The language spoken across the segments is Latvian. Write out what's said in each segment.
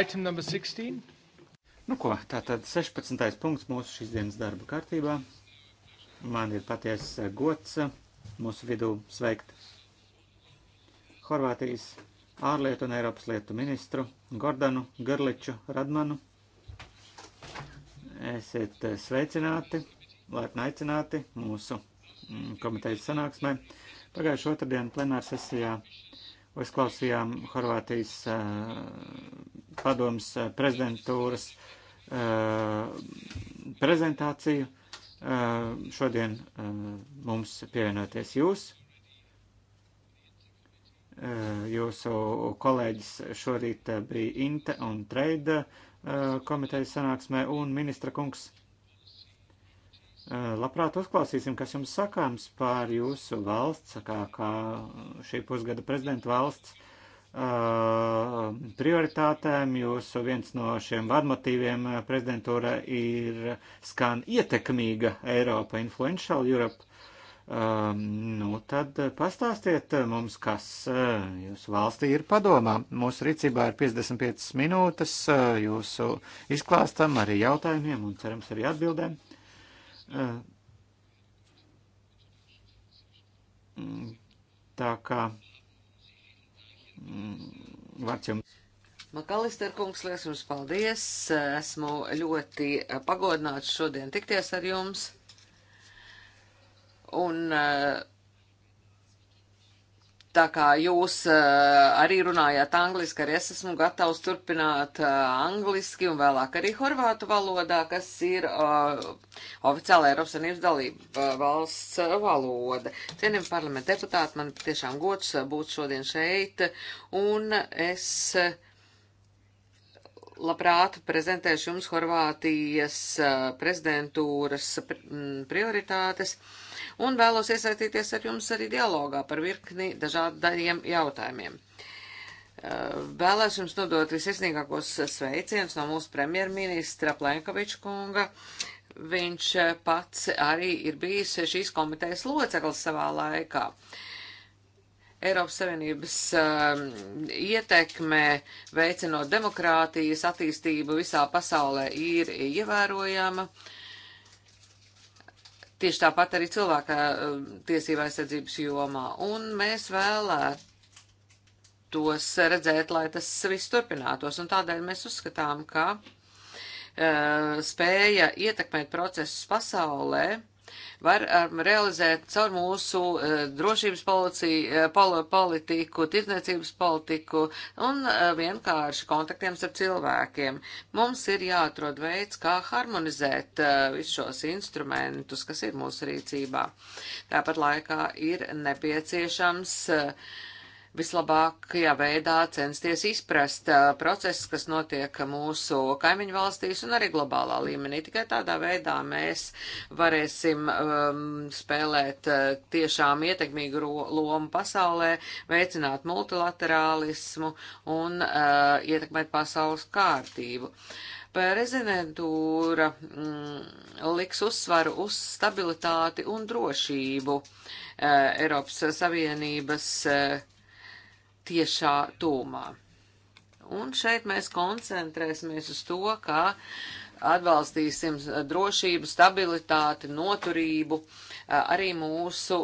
Item number 16. Nu ko, tā tad 16. punkts mūsu šīs dienas darba kārtībā. Man ir patiesas gods mūsu vidū sveikt Horvātijas ārlietu un Eiropas lietu ministru Gordanu Garliču Radmanu. Esiet sveicināti, laipni aicināti mūsu mm, komitejas sanāksmē. Pagājušo otrdienu plenāra sesijā uzklausījām Horvātijas eh, padomas eh, prezidentūras eh, prezentāciju. Eh, šodien mums pievienoties jūs. Jūsu kolēģis šorīt bija Inte un Treida komitejas sanāksmē un ministra kungs. Labprāt uzklausīsim, kas jums sakāms par jūsu valsts, kā, kā šī pusgada prezidenta valsts Uh, prioritātēm. Jūsu viens no šiem vadmotīviem uh, prezidentūra ir skan ietekmīga Eiropa, influential Europe. Um, nu, tad pastāstiet mums, kas uh, jūsu valstī ir padomā. Mūsu rīcībā ir 55 minūtes uh, jūsu izklāstam, arī jautājumiem un cerams arī atbildēm. Uh, tā kā Mm, vārds jums. Makalister kungs, liels jums paldies. Esmu ļoti pagodināts šodien tikties ar jums. Un uh, Tā kā jūs uh, arī runājāt angliski, arī es esmu gatavs turpināt uh, angliski un vēlāk arī horvātu valodā, kas ir uh, oficiāla Eiropas Savienības dalība uh, valsts uh, valoda. Cienījami parlamenta deputāti, man tiešām gods uh, būt šodien šeit, un es uh, labprāt prezentēšu jums Horvātijas prezidentūras prioritātes un vēlos iesaistīties ar jums arī dialogā par virkni dažādiem jautājumiem. Vēlēs jums nodot visiesnīgākos sveicienus no mūsu premjerministra Plenkoviča kunga. Viņš pats arī ir bijis šīs komitejas loceklis savā laikā. Uh, Eiropas Savienības um, ietekme veicinot demokrātijas attīstību visā pasaulē ir ievērojama. Tieši tāpat arī cilvēka um, tiesībā aizsardzības jomā. Un mēs vēlētos redzēt, lai tas viss turpinātos. Un tādēļ mēs uzskatām, ka uh, spēja ietekmēt procesus pasaulē varam um, realizēt caur mūsu uh, drošības policiju, uh, pol, politiku, tirdzniecības politiku un uh, vienkārši kontaktiem ar cilvēkiem. Mums ir jāatrod veids, kā harmonizēt visus šos instrumentus, kas ir mūsu rīcībā. Tāpat laikā ir nepieciešams uh, vislabākajā veidā censties izprast uh, procesus, kas notiek mūsu kaimiņu valstīs un arī globālā līmenī. Tikai tādā veidā mēs varēsim um, spēlēt uh, tiešām ietekmīgu lomu pasaulē, veicināt multilaterālismu un uh, ietekmēt pasaules kārtību. Uh, prezidentūra mm, liks uzsvaru uz stabilitāti un drošību e, Eiropas Savienības e, tiešā tūmā. Un šeit mēs koncentrēsimies uz to, kā atbalstīsim drošību, stabilitāti, noturību arī mūsu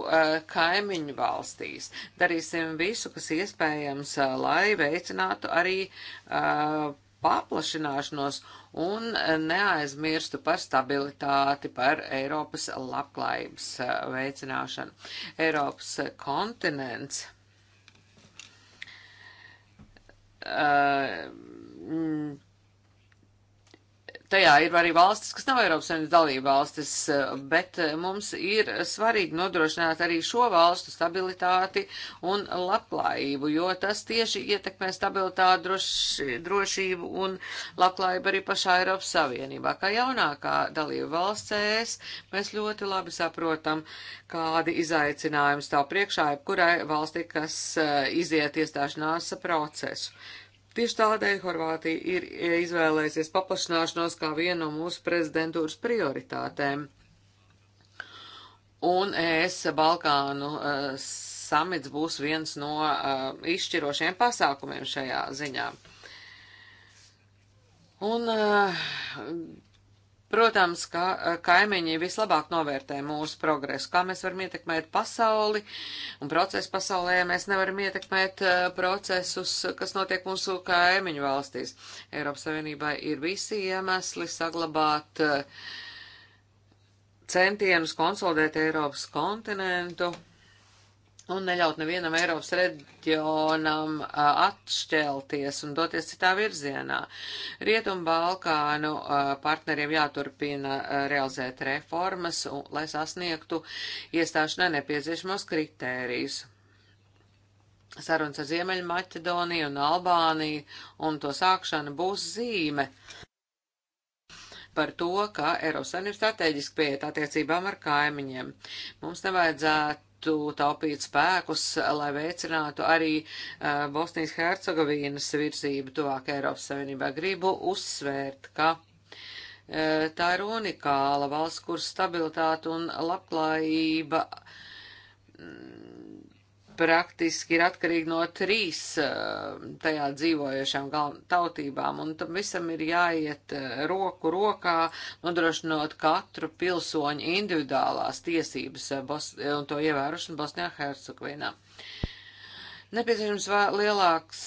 kaimiņu valstīs. Darīsim visu, kas iespējams, lai veicinātu arī paplašināšanos un neaizmirstu par stabilitāti, par Eiropas labklājības veicināšanu. Eiropas kontinents uh, Tajā ir arī valstis, kas nav Eiropas Savienības dalība valstis, bet eh, mums ir svarīgi nodrošināt arī šo valstu stabilitāti un labklājību, jo tas tieši ietekmē stabilitāti, droši, drošību un labklājību arī pašā Eiropas Savienībā. Kā jaunākā dalība valstēs, mēs ļoti labi saprotam, kādi izaicinājumi stāv priekšā jebkurai valstī, kas eh, iziet iestāšanās procesu. Tieši tādēļ Horvātija ir e, izvēlējusies paplašināšanos kā vienu no mūsu prezidentūras prioritātēm. Un ES Balkānu uh, samits būs viens no uh, izšķirošiem pasākumiem šajā ziņā. Un uh, Protams, ka eh, kaimiņi vislabāk novērtē mūsu progresu, kā mēs varam ietekmēt pasauli un procesu pasaulē, ja mēs nevaram ietekmēt eh, procesus, kas notiek mūsu kaimiņu valstīs. Eiropas Savienībai ir visi iemesli saglabāt eh, centienus konsolidēt Eiropas kontinentu un neļaut nevienam Eiropas reģionam atšķelties un doties citā virzienā. Rietumu Balkānu partneriem jāturpina realizēt reformas, un, lai sasniegtu iestāšanai nepieciešamos kritērijus sarunas ar Ziemeļmaķedoniju un Albāniju, un to sākšana būs zīme par to, ka Eiropas Savienība strateģiski pieiet attiecībām ar kaimiņiem. Mums nevajadzētu varētu taupīt spēkus, lai veicinātu arī uh, Bosnijas Hercegovīnas virzību tuvāk Eiropas Savienībā. Gribu uzsvērt, ka uh, tā ir unikāla valsts, kur stabilitāte un labklājība praktiski ir atkarīgi no trīs eh, tajā dzīvojošām tautībām, un tam visam ir jāiet eh, roku rokā, nodrošinot katru pilsoņu individuālās tiesības eh, Bos un to ievērošanu Bosnijā Hercegovinā. Nepieciešams lielāks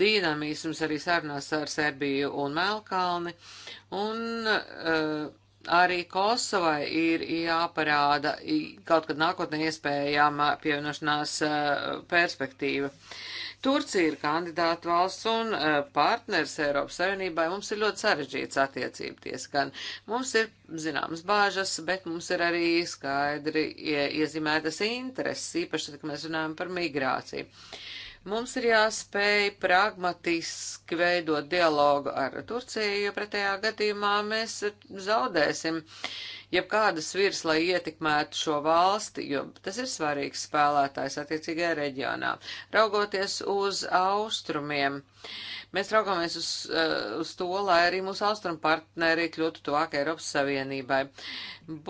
dinamisms arī sarunās ar Serbiju un Melkalni, un uh, arī Kosovai ir jāparāda kaut kad nākotnē iespējama pievienošanās e, perspektīva. Turcija ir kandidāta valsts un e, partners Eiropas Savienībai. Mums ir ļoti sarežģīts attiecībties, gan mums ir zināmas bāžas, bet mums ir arī skaidri iezīmētas intereses, īpaši, kad mēs runājam par migrāciju. Uh, Mums ir jāspēj pragmatiski veidot dialogu ar Turciju, jo pretējā gadījumā mēs zaudēsim jebkādas virs, lai ietekmētu šo valsti, jo tas ir svarīgs spēlētājs attiecīgajā reģionā. Raugoties uz austrumiem, mēs raugamies uz, eh, uz to, lai arī mūsu austrumu partneri kļūtu tuvāk Eiropas Savienībai.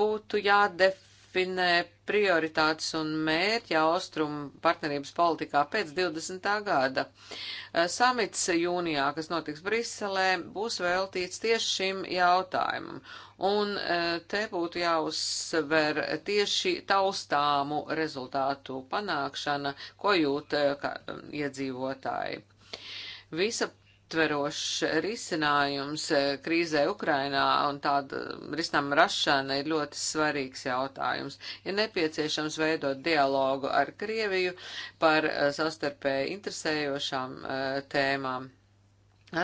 Būtu jādef jādefinē prioritātes un mērķi austrumu partnerības politikā pēc 20. gada. Eh, samits jūnijā, kas notiks Briselē, būs veltīts tieši šim jautājumam. Un eh, te būtu jāuzsver tieši taustāmu rezultātu panākšana, ko jūt eh, kā, iedzīvotāji. Visa visaptverošs risinājums e, krīzē Ukrainā un tāda risinājuma rašana ir ļoti svarīgs jautājums. Ir nepieciešams veidot dialogu ar Krieviju par e, savstarpēji interesējošām e, tēmām.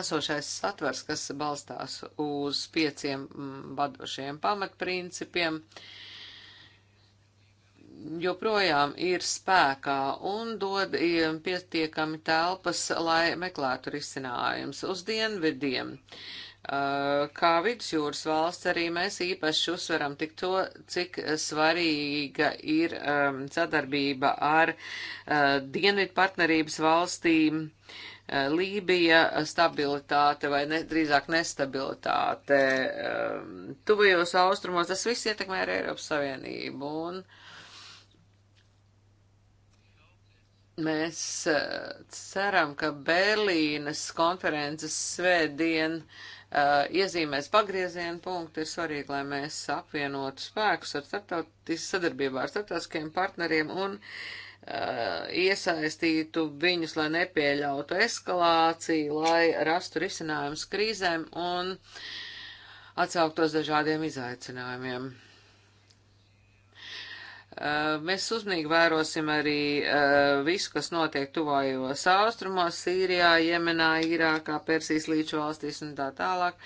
Esošais satvers, kas balstās uz pieciem vadošiem pamatprincipiem, uh, joprojām ir spēkā un dod pietiekami telpas, lai meklētu risinājums uz dienvidiem. Uh, kā vidusjūras valsts arī mēs īpaši uzsveram tik to, cik svarīga ir um, sadarbība ar uh, dienvidu partnerības valstīm. Uh, Lībija stabilitāte vai ne, drīzāk nestabilitāte. Um, tuvajos austrumos tas viss ietekmē arī Eiropas Savienību. Un, uh, Mēs eh, ceram, ka Berlīnas konferences svētdien uh, iezīmēs pagriezienu punktu. Ir svarīgi, lai mēs apvienotu spēkus ar starptautis sadarbībā ar starptautiskiem partneriem un uh, iesaistītu viņus, lai nepieļautu eskalāciju, lai rastu risinājumus krīzēm un atsauktos dažādiem izaicinājumiem. Eh, mēs uzmanīgi vērosim arī eh, visu, kas notiek tuvājos austrumos, Sīrijā, Jemenā, Irākā, Persijas līča valstīs un tā tālāk,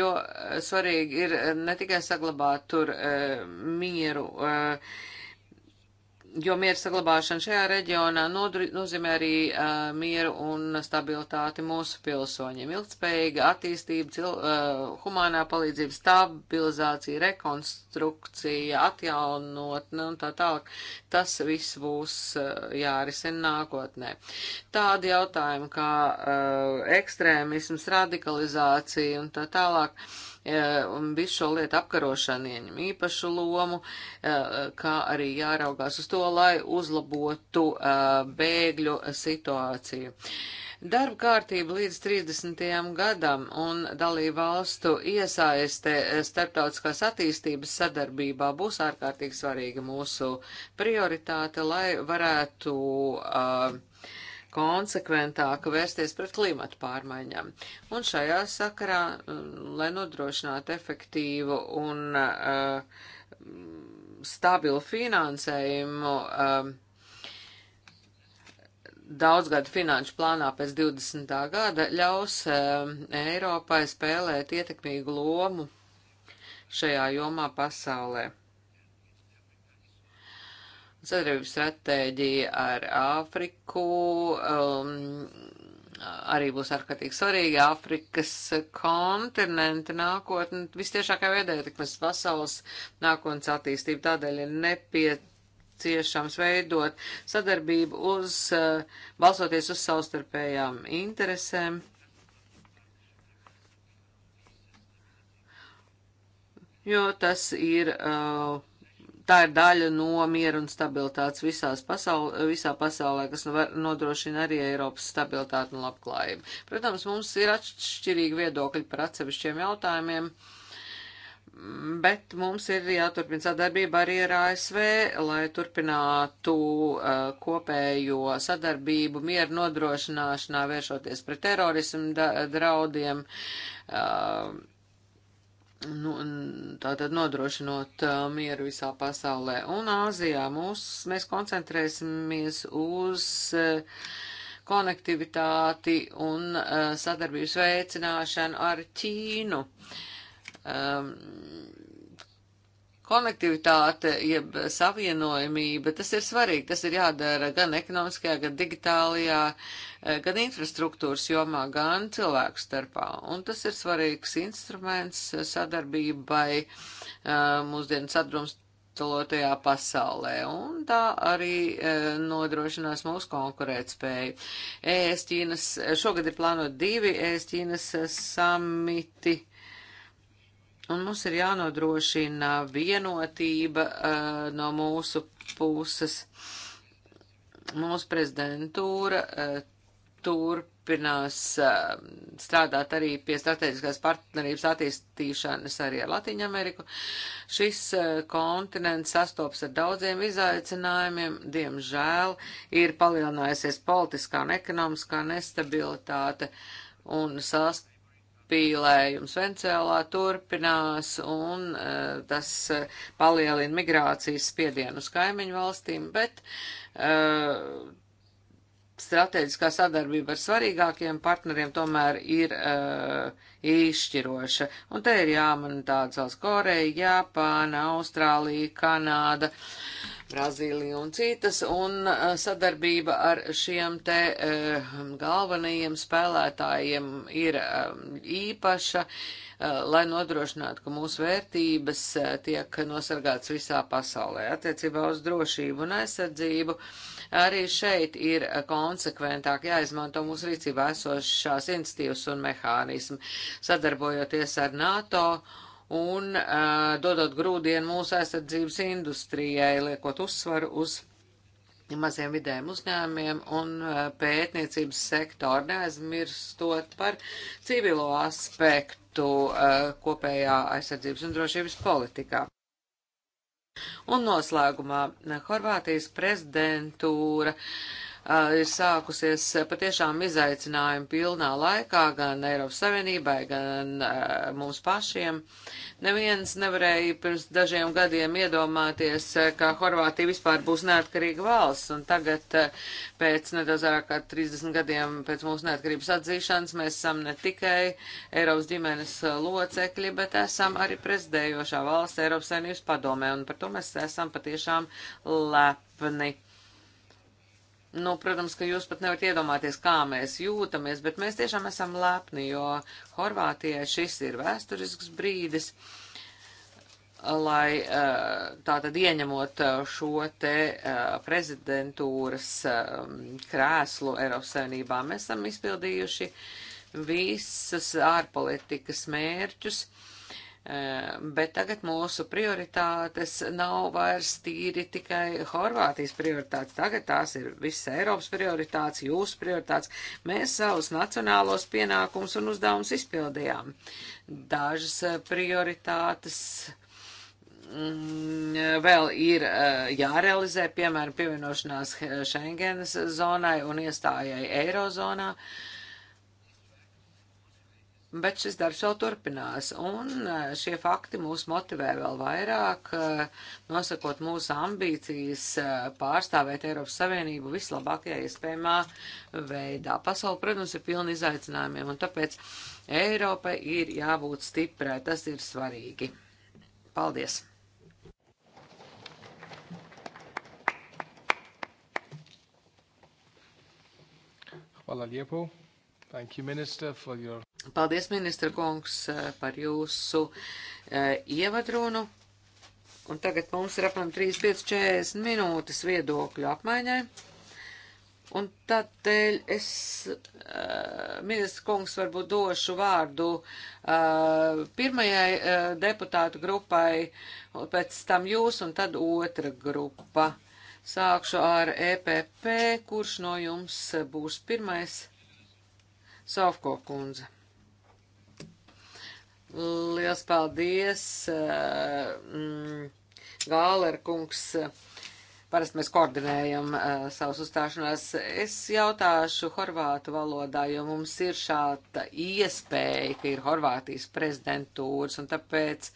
jo eh, svarīgi ir ne tikai saglabāt tur mieru, jo miera saglabāšana šajā reģionā nodru, nozīmē arī uh, mieru un stabilitāti mūsu pilsoņiem. Ilgtspējīga attīstība, cil, uh, humānā palīdzība, stabilizācija, rekonstrukcija, atjaunotne un tā tālāk. Tas viss būs uh, jārisina nākotnē. Tādi jautājumi kā uh, ekstrēmisms, radikalizācija un tā tālāk. Uh, Eh, un visu šo lietu apkarošana ieņem īpašu lomu, eh, kā arī jāraugās uz to, lai uzlabotu eh, bēgļu situāciju. Darba kārtība līdz 30. gadam un dalību valstu iesaiste starptautiskās attīstības sadarbībā būs ārkārtīgi svarīga mūsu prioritāte, lai varētu uh, konsekventāk vērsties pret klimatu pārmaiņām. Un šajā sakarā, um, lai nodrošinātu efektīvu un uh, stabilu finansējumu, uh, um, daudzgada finanšu plānā pēc 20. gada ļaus uh, Eiropai spēlēt ietekmīgu lomu šajā jomā pasaulē sadarbības stratēģija ar Āfriku um, arī būs ārkārtīgi svarīga. Āfrikas kontinenta nākotne vistiešākā veidā ietekmēs pasaules nākotnes attīstību, tādēļ ir nepieciešams veidot sadarbību uz, uh, balsoties uz savstarpējām interesēm. Jo tas ir uh, tā ir daļa no miera un stabilitātes visās pasaulē, visā pasaulē, kas nu var, nodrošina arī Eiropas stabilitāti un labklājību. Protams, mums ir atšķirīgi viedokļi par atsevišķiem jautājumiem, bet mums ir jāturpina sadarbība arī ar ASV, lai turpinātu uh, kopējo sadarbību miera nodrošināšanā, vēršoties pret terorismu draudiem. Uh, nu, tātad nodrošinot uh, mieru visā pasaulē. Un Āzijā mūs, mēs koncentrēsimies uz uh, konektivitāti un uh, sadarbības veicināšanu ar Ķīnu. Um, Konektivitāte, jeb savienojamība, tas ir svarīgi, tas ir jādara gan ekonomiskajā, gan digitālajā, eh, gan infrastruktūras jomā, gan cilvēku starpā. Un tas ir svarīgs instruments eh, sadarbībai eh, mūsdienu sadrumstalotajā pasaulē, un tā arī nodrošinās mūsu konkurētspēju. ES Ķīnas, šogad ir plānot divi ES Ķīnas samiti un mums ir jānodrošina vienotība uh, no mūsu puses. Mūsu prezidentūra uh, turpinās uh, strādāt arī pie strateģiskās partnerības attīstīšanas arī ar Latīņu Ameriku. Šis kontinents sastops ar daudziem izaicinājumiem. Diemžēl ir palielinājusies politiskā un ekonomiskā nestabilitāte un sast pīlējums Vencēlā turpinās, un eh, tas eh, palielina migrācijas spiedienu uz kaimiņu valstīm, bet eh, strateģiskā sadarbība ar svarīgākiem partneriem tomēr ir uh, eh, izšķiroša. Un te ir jāman tāds valsts Koreja, Japāna, Austrālija, Kanāda, Brazīlija un citas, un uh, sadarbība ar šiem te uh, galvenajiem spēlētājiem ir uh, īpaša, uh, lai nodrošinātu, ka mūsu vērtības uh, tiek nosargāts visā pasaulē attiecībā uz drošību un aizsardzību. Uh, Arī šeit ir konsekventāk jāizmanto mūsu rīcībā esošās institīvas un mehānismi, sadarbojoties ar NATO un uh, dodot grūdienu mūsu aizsardzības industrijai, liekot uzsvaru uz maziem vidējiem uzņēmumiem un uh, pētniecības sektoru, neaizmirstot par civilo aspektu uh, kopējā aizsardzības un drošības politikā. Un noslēgumā eh, Horvātijas prezidentūra ir sākusies patiešām izaicinājumi pilnā laikā gan Eiropas Savienībai, gan mums pašiem. Neviens nevarēja pirms dažiem gadiem iedomāties, ka Horvātija vispār būs neatkarīga valsts, un tagad pēc nedaudz vairāk kā 30 gadiem pēc mūsu neatkarības atzīšanas mēs esam ne tikai Eiropas ģimenes locekļi, bet esam arī prezidējošā valsts Eiropas Savienības padomē, un par to mēs esam patiešām lepni. Nu, protams, ka jūs pat nevarat iedomāties, kā mēs jūtamies, bet mēs tiešām esam lepni, jo Horvātijai šis ir vēsturisks brīdis, lai eh, tātad ieņemot eh, šo te eh, prezidentūras krēslu Eiropas Savienībā, mēs esam izpildījuši visas ārpolitikas mērķus. Uh, bet tagad mūsu prioritātes nav vairs tīri tikai Horvātijas prioritātes. Tagad tās ir visas Eiropas prioritātes, jūsu prioritātes. Mēs savus nacionālos pienākumus un uzdevumus izpildījām. Dažas prioritātes mm, vēl ir jārealizē, piemēram, pievienošanās Schengenas zonai un iestājai Eirozonā. Uh, bet šis darbs vēl turpinās, un e, šie fakti mūs motivē vēl vairāk, e, nosakot mūsu ambīcijas e, pārstāvēt Eiropas Savienību vislabākajā iespējamā veidā. Pasaula, protams, ir pilna izaicinājumiem, un tāpēc Eiropai ir jābūt stiprai, tas ir svarīgi. Paldies! Hvala lijepo. You, minister, your... Paldies, ministra kungs, eh, par jūsu e, ievadrunu. Un tagad mums ir apmēram 35-40 minūtes viedokļu apmaiņai. Un tādēļ es, e, ministra kungs, varbūt došu vārdu e, pirmajai deputātu grupai, pēc tam jūs un tad otra grupa. Sākšu ar EPP, kurš no jums būs pirmais. Sofko kundze. Liels paldies, eh, mm, Gāler kungs. Parasti mēs koordinējam uh, eh, savus uzstāšanās. Es jautāšu horvātu valodā, jo mums ir šāda iespēja, ka ir Horvātijas prezidentūras, un tāpēc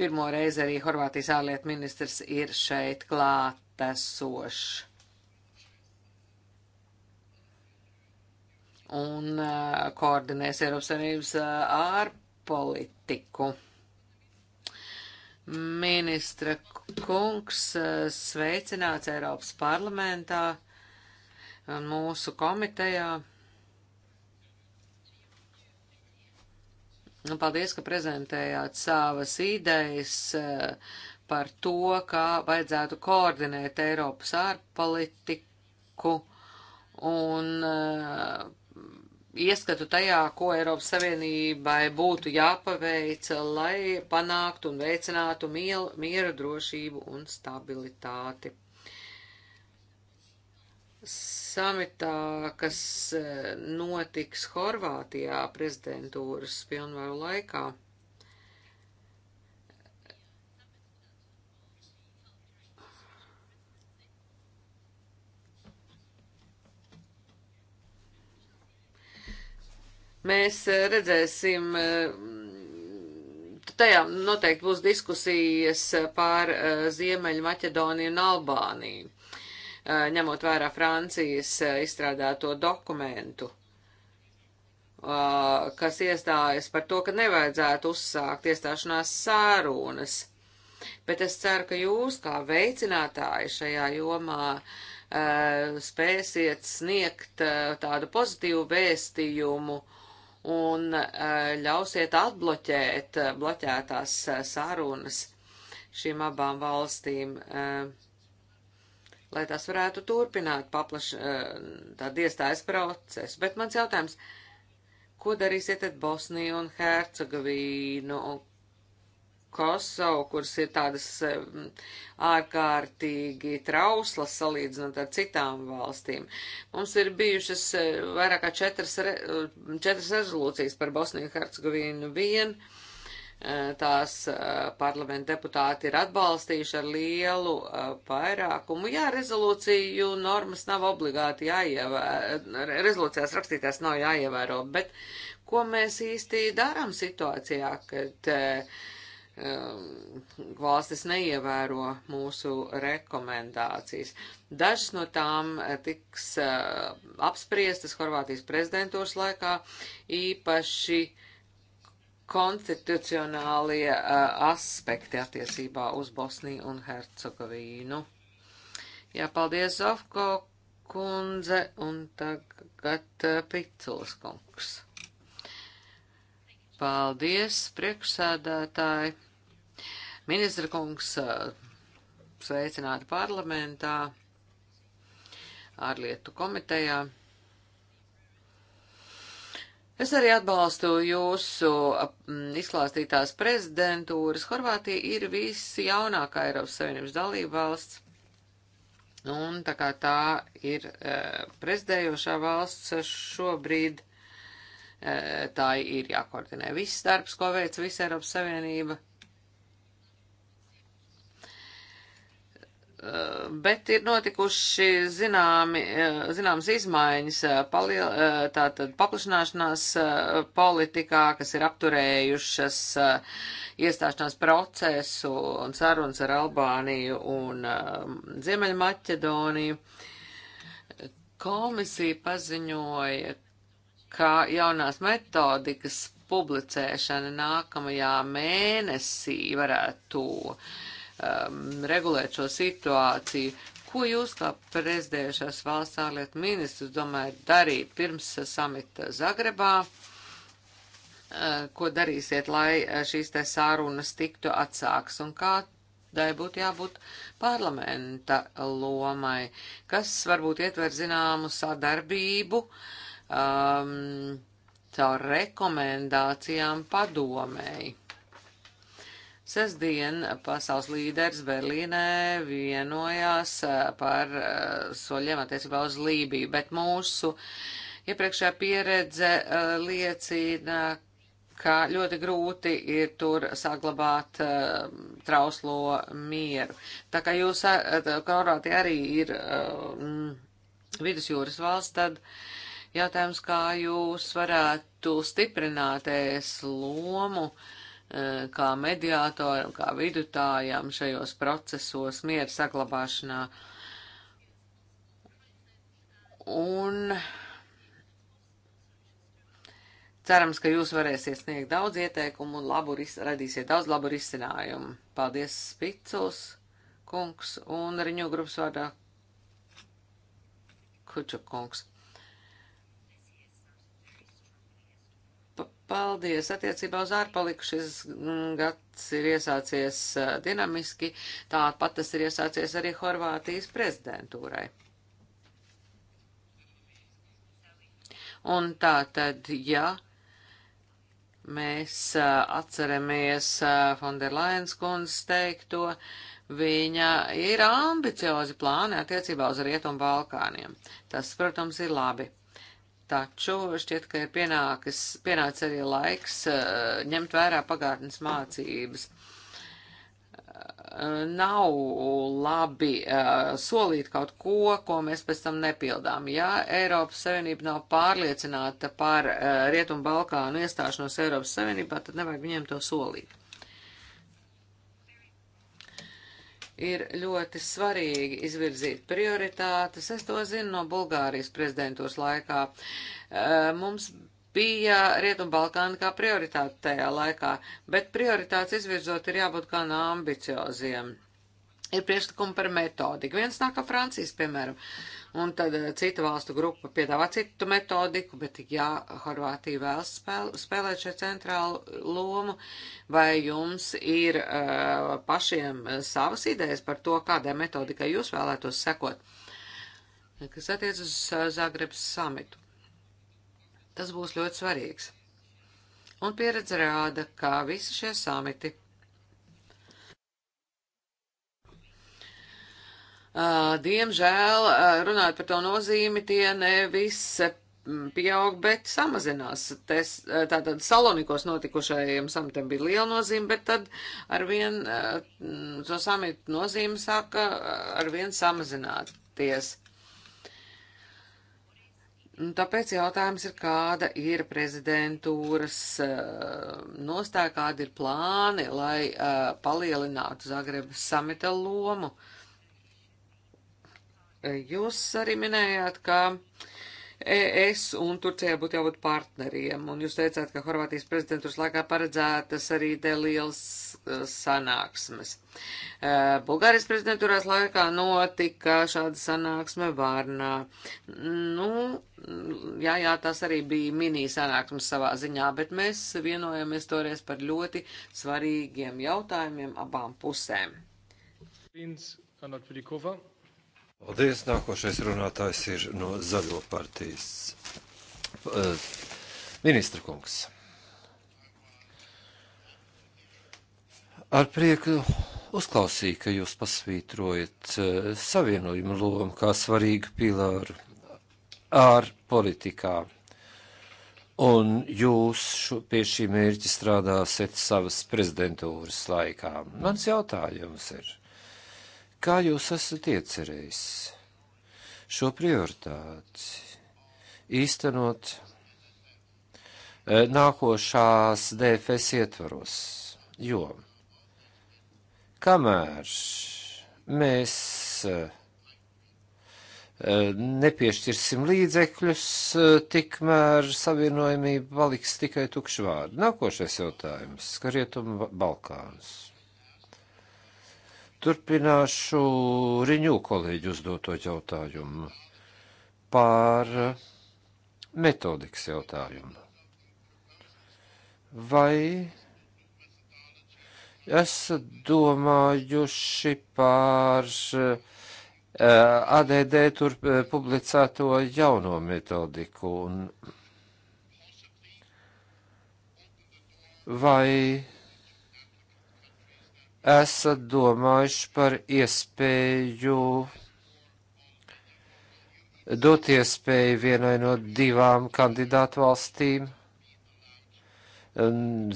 pirmo reizi arī Horvātijas ārlietu ministrs ir šeit klātesošs. un uh, koordinēs Eiropas Savienības uh, ārpolitiku. Ministra kungs uh, sveicināts Eiropas parlamentā un mūsu komitejā. Nu, paldies, ka prezentējāt savas idejas uh, par to, kā vajadzētu koordinēt Eiropas ārpolitiku un ieskatu tajā, ko Eiropas Savienībai būtu jāpaveic, lai panāktu un veicinātu mielu, mieru, drošību un stabilitāti. Samitā, kas eh, notiks Horvātijā prezidentūras pilnvaru laikā. Mēs eh, redzēsim, eh, tajā noteikti būs diskusijas eh, par Ziemeļu Maķedoniju un Albāniju, ņemot vērā Francijas izstrādāto dokumentu kas iestājas par to, ka nevajadzētu uzsākt iestāšanās sārunas. Bet es ceru, ka jūs, kā veicinātāji šajā jomā, spēsiet sniegt tādu pozitīvu vēstījumu uh, un eh, ļausiet atbloķēt eh, bloķētās eh, sarunas šīm abām valstīm, lai tās varētu turpināt paplaš, tādu iestājas procesu. Bet mans jautājums, ko darīsiet ar Bosniju un Hercegovīnu, un Kosovu, kuras ir tādas ārkārtīgi trauslas salīdzinot ar citām valstīm. Mums ir bijušas eh, vairāk kā četras, re, eh, četras rezolūcijas par Bosniju Hercegovinu vien. Eh, tās parlamenta deputāti ir atbalstījuši ar lielu vairākumu. Jā, rezolūciju normas nav obligāti jāievēro, rezolūcijās rakstītās nav jāievēro, bet ko mēs īsti darām situācijā, kad uh, Um, valstis neievēro mūsu rekomendācijas. Dažas no tām eh, tiks eh, apspriestas Horvātijas prezidentūras laikā, īpaši konstitucionālie eh, aspekti attiecībā uz Bosniju un Hercegovīnu. Jā, paldies, Zofko kundze, un tagad Piculas kungs. Paldies, priekšsēdētāji! Ministra kungs, sveicināti parlamentā, ārlietu komitejā. Es arī atbalstu jūsu izklāstītās prezidentūras. Horvātija ir visi jaunākā Eiropas Savienības dalība valsts. Un tā kā tā ir prezidējošā valsts šobrīd, tā ir jākoordinē viss darbs, ko veic visa Eiropas Savienība. bet ir notikuši zināmi, eh, zināmas izmaiņas, eh, paliel, eh, tātad paplašanāšanās politikā, kas ir apturējušas iestāšanās procesu un sarunas ar Albāniju un Ziemeļmaķedoniju. Komisija paziņoja, ka jaunās metodikas publicēšana nākamajā mēnesī varētu to um, regulēt šo situāciju. Ko jūs kā prezidējušās valsts ārlietu ministrs domājat darīt pirms samita Zagrebā? Uh, ko darīsiet, lai uh, šīs te sārunas tiktu atsāks un kā tai būtu jābūt parlamenta lomai, kas varbūt ietver zināmu sadarbību um, caur rekomendācijām padomēji. Sesdien pasaules līderis Berlīnē vienojās eh, par eh, soļiem attiecībā uz Lībiju, bet mūsu iepriekšējā pieredze eh, liecina, ka ļoti grūti ir tur saglabāt trauslo mieru. Tā kā jūs, Korvātija arī ir vidusjūras valsts, tad jautājums, kā jūs varētu stiprināt es lomu, uh, E, kā mediātoram, kā vidutājam šajos procesos miera saglabāšanā. Un cerams, ka jūs varēsiet sniegt daudz ieteikumu un labu, radīsiet daudz labu risinājumu. Paldies, Spicels, kungs un Riņu grupas vārdā Kuču kungs. Paldies! Attiecībā uz ārpaliku šis mm, gads ir iesācies dinamiski, tāpat tas ir iesācies arī Horvātijas prezidentūrai. Un tā tad, ja mēs atceramies Fonderlainas kundzes teikto, viņa ir ambiciozi plāni attiecībā uz Rietumu Balkāniem. Tas, protams, ir labi. Taču šķiet, ka ir pienācis, pienācis arī laiks uh, ņemt vērā pagātnes mācības eh, nav labi uh, solīt kaut ko, ko mēs pēc tam nepildām. Ja Eiropas Savienība nav pārliecināta par uh, Rietumu Balkānu iestāšanos Eiropas Savienībā, tad nevajag viņiem to solīt. ir ļoti svarīgi izvirzīt prioritātes. Es to zinu no Bulgārijas prezidentūras laikā. Mums bija Rietumbalkāna kā prioritāte tajā laikā, bet prioritātes izvirzot ir jābūt kā ambicioziem. Ir priekšlikumi par metodiku. Viens nāk no Francijas, piemēram. Uh, un tad eh, cita valstu grupa piedāvā citu metodiku, bet ja Horvātija vēlas spēl, spēlēt šo centrālu lomu, vai jums ir uh, pašiem eh, savas idejas par to, kādai metodikai jūs vēlētos sekot, kas attiec uz Zagrebs samitu. Tas būs ļoti svarīgs. Un pieredze rāda, ka visi šie samiti Diemžēl, runājot par to nozīmi, tie nevis mm, pieaug, bet samazinās. Tes, tātad Salonikos notikušajiem samitam bija liela nozīme, bet tad ar vien mm, to samitu nozīme sāka ar vien samazināties. Tāpēc jautājums ir, kāda ir prezidentūras nostāja, kādi ir plāni, lai palielinātu Zagrebas samita lomu. Uh, Jūs arī minējāt, ka ES un Turcija būtu jābūt partneriem, un jūs teicāt, ka Horvātijas prezidentūras laikā paredzētas arī te liels e, sanāksmes. E, Bulgārijas prezidentūrās laikā notika šāda sanāksme Vārnā. Nu, jā, jā, tas arī bija mini sanāksmes savā ziņā, bet mēs vienojamies toreiz par ļoti svarīgiem jautājumiem abām pusēm. Pins, Paldies, nākošais runātājs ir no Zaļo partijas. Eh, ministra kungs. Ar prieku uzklausīju, ka jūs pasvītrojat eh, savienojumu lomu kā svarīgu pilāru ārpolitikā. Un jūs šo, pie šī mērķa strādāsiet savas prezidentūras laikā. Mans jautājums ir, Kā jūs esat iecerējis šo prioritāti īstenot eh, nākošās DFS ietvaros? Jo kamēr mēs eh, nepiešķirsim līdzekļus, eh, tikmēr savienojumība paliks tikai tukšvārdi. Nākošais jautājums - Karietum Balkāns. Turpināšu riņū kolēģi uzdoto jautājumu par metodikas jautājumu. Vai esat domājuši par eh, ADD tur eh, publicēto jauno metodiku un vai esat domājuši par iespēju dot iespēju vienai no divām kandidātu valstīm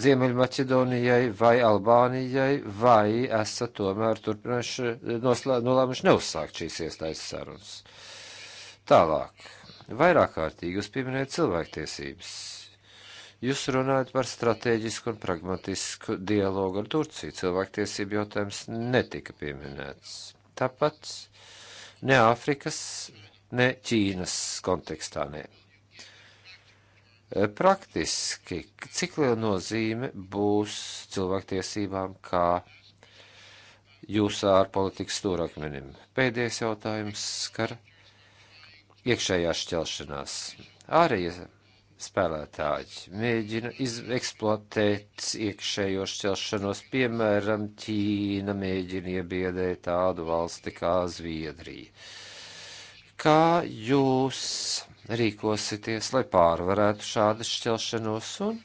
Ziemeļmaķedonijai vai Albānijai, vai esat tomēr turpinājuši nolēmuši neuzsākt šīs iestājas sarunas. Tālāk. Vairāk kārtīgi jūs pieminējat cilvēktiesības. Jūs runājat par strateģisku un pragmatisku dialogu ar Turciju. Cilvēktiesību jautājums netika pieminēts. Tāpat ne Āfrikas, ne Ķīnas kontekstā ne. Praktiski, cik liela nozīme būs cilvēktiesībām kā jūsu ārpolitikas stūrakmenim? Pēdējais jautājums skar iekšējā šķelšanās. Ārējais spēlētāji mēģina eksploatēt iekšējo šķelšanos, piemēram, Ķīna mēģina iebiedēt tādu valsti kā Zviedrija. Kā jūs rīkosieties, lai pārvarētu šādu šķelšanos un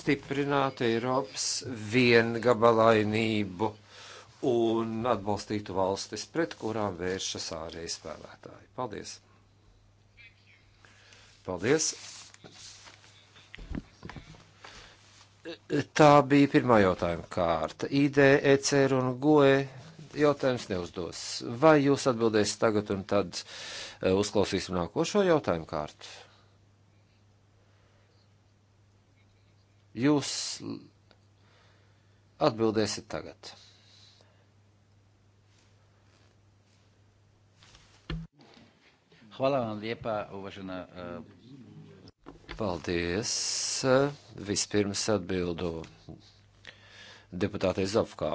stiprinātu Eiropas viengabalainību un atbalstītu valstis, pret kurām vēršas ārēji spēlētāji? Paldies! Paldies! Tā bija pirmā jautājuma kārta. ID, ECR un GOE jautājums neuzdos. Vai jūs atbildēsiet tagad un tad e, uzklausīsim nākošo jautājumu kārtu? Jūs atbildēsiet tagad. Hvala vam lijepa, uvažena uh, Paldies. Vispirms atbildu deputātei Zofkā.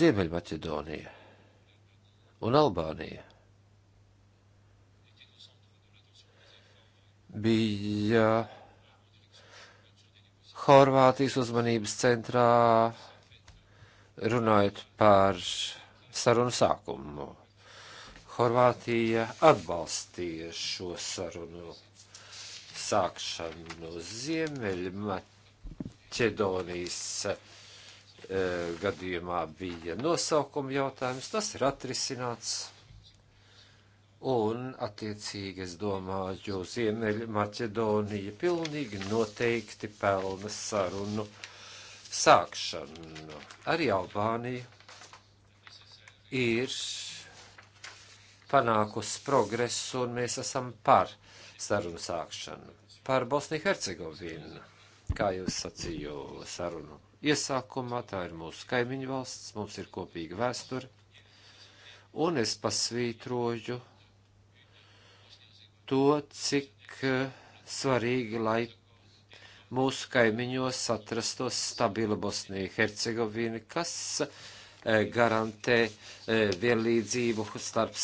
Ziemeļmaķedonija un Albānija bija Horvātijas uzmanības centrā runājot par sarunu sākumu. Horvātija atbalstīja šo sarunu sākšanu Ziemeļmaķedonijas eh, gadījumā bija nosaukuma jautājums, tas ir atrisināts. Un, attiecīgi, es domāju, Ziemeļa Maķedonija pilnīgi noteikti pelna sarunu sākšanu. Arī Albānija ir panākusi progresu, un mēs esam par sarunu sākšanu. Par Bosniju-Hercegovinu, kā jau es sacīju sarunu iesākumā, tā ir mūsu kaimiņu valsts, mums ir kopīga vēsture, un es pasvītroju to, cik eh, svarīgi, lai mūsu kaimiņos atrastos stabila Bosnija-Hercegovina, kas uh, E, garantē e, vienlīdzību starp